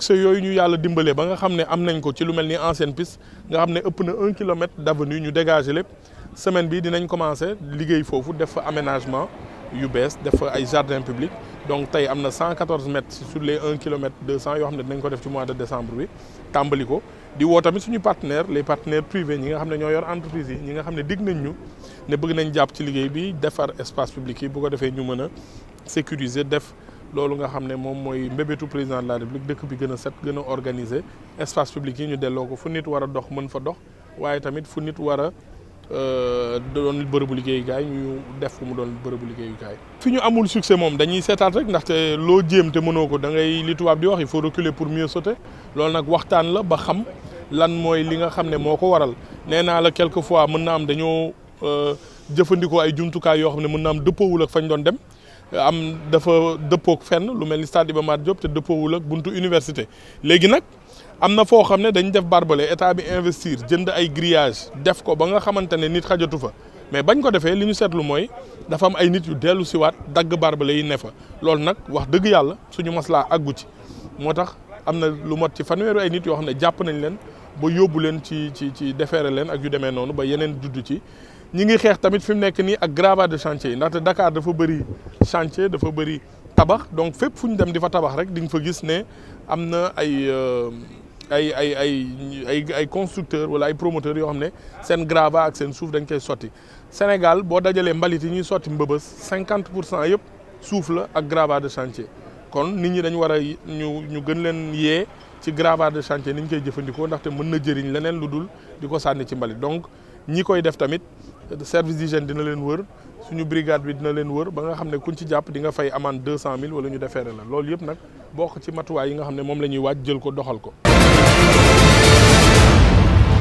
succès yooyu ñu yàlla dimbalee ba nga xam ne am nañ ko ci lu mel ni ancienne piste nga xam ne ëpp na un kilomètre d'avenue ñu dégagé lépp semaine bi dinañ commencé liggéey foofu def fa aménagement yu bees def fa ay jardin public donc tey am na 114 mètres sur les 1 kilomètre 200 yoo xam ne dinañ ko def ci mois de décembre bi tàmbali ko di woo tamit suñu partenaire les partenaires privés ñi nga xam ne ñoo yor entreprise yi ñi nga xam ne dig nañ ñu ne bëgg nañ jàpp ci liggéey bi defar espace public yi bu ko defee ñu mën a sécuriser def lolu nga xamné mom moy mbébétu président de la république dëkk bi gëna set gëna organisé espace public yi ñu delloo ko fu nit wara dox mën fa dox waye tamit fu nit war a euh, doon bërëbu gaay ñu def fu mu doon bërëbu liggéeyukaay. fi ñu amul succès mom dañuy seetaat rek ndaxte loo jéem te mënoo ko da ngay li tuwab di wax il faut reculer pour mieux sauter lolu nak waxtaan la ba xam lan moy li nga xamné moko waral néna la quelques fois mën na am dañoo euh jëfëndiko ay jumtukaay yoo xam ne mën na am dëppoowul ak fañ doon dem. am dafa dëppook fenn lu mel ni stade Iba Mar Diop te dëppoowul ak buntu université léegi nag am na foo xam ne dañ def barbelé état bi investir jënd ay grillage def ko ba nga xamante ne nit xajatu fa mais bañ ko defee li ñu seetlu mooy dafa am ay nit yu dellu siwaat dagg barbelé yi ne fa loolu nag wax dëgg yàlla suñu maslaa àggu ci moo tax am na lu mot ci fanweeru ay nit yoo xam ne jàpp nañ leen ba yóbbu leen ci ci ci defeere leen ak yu demee noonu ba yeneen judd ci ñi ngi xeex tamit fi mu nekk nii ak gravats de chantier yi ndaxte Dakar dafa bëri chantier dafa bëri tabax donc fépp fu ñu dem di fa tabax rek di nga fa gis ne am na ay euh, ay ay ay ay ay constructeurs wala ay promoteurs yoo xam ne seen gravats ak seen suuf dañ koy sotti Sénégal boo dajalee mbalit yi ñuy sotti mbëbës 50 pour cent yëpp suuf la ak gravats de chantier kon nit ñi dañu war a ñu ñu gën leen yee ci gravats de chantier ni ñu koy jëfandikoo ndaxte mën na jëriñ leneen lu dul di ko sànni ci mbali donc ñi koy def tamit service d'hygiène dina leen wër suñu brigade bi dina leen wër ba nga xam ne kuñ ci jàpp di nga fay amende cent mille wala ñu defeere la loolu yëpp nag bokk ci matuwaay yi nga xam ne moom la ñuy waaj jël ko doxal ko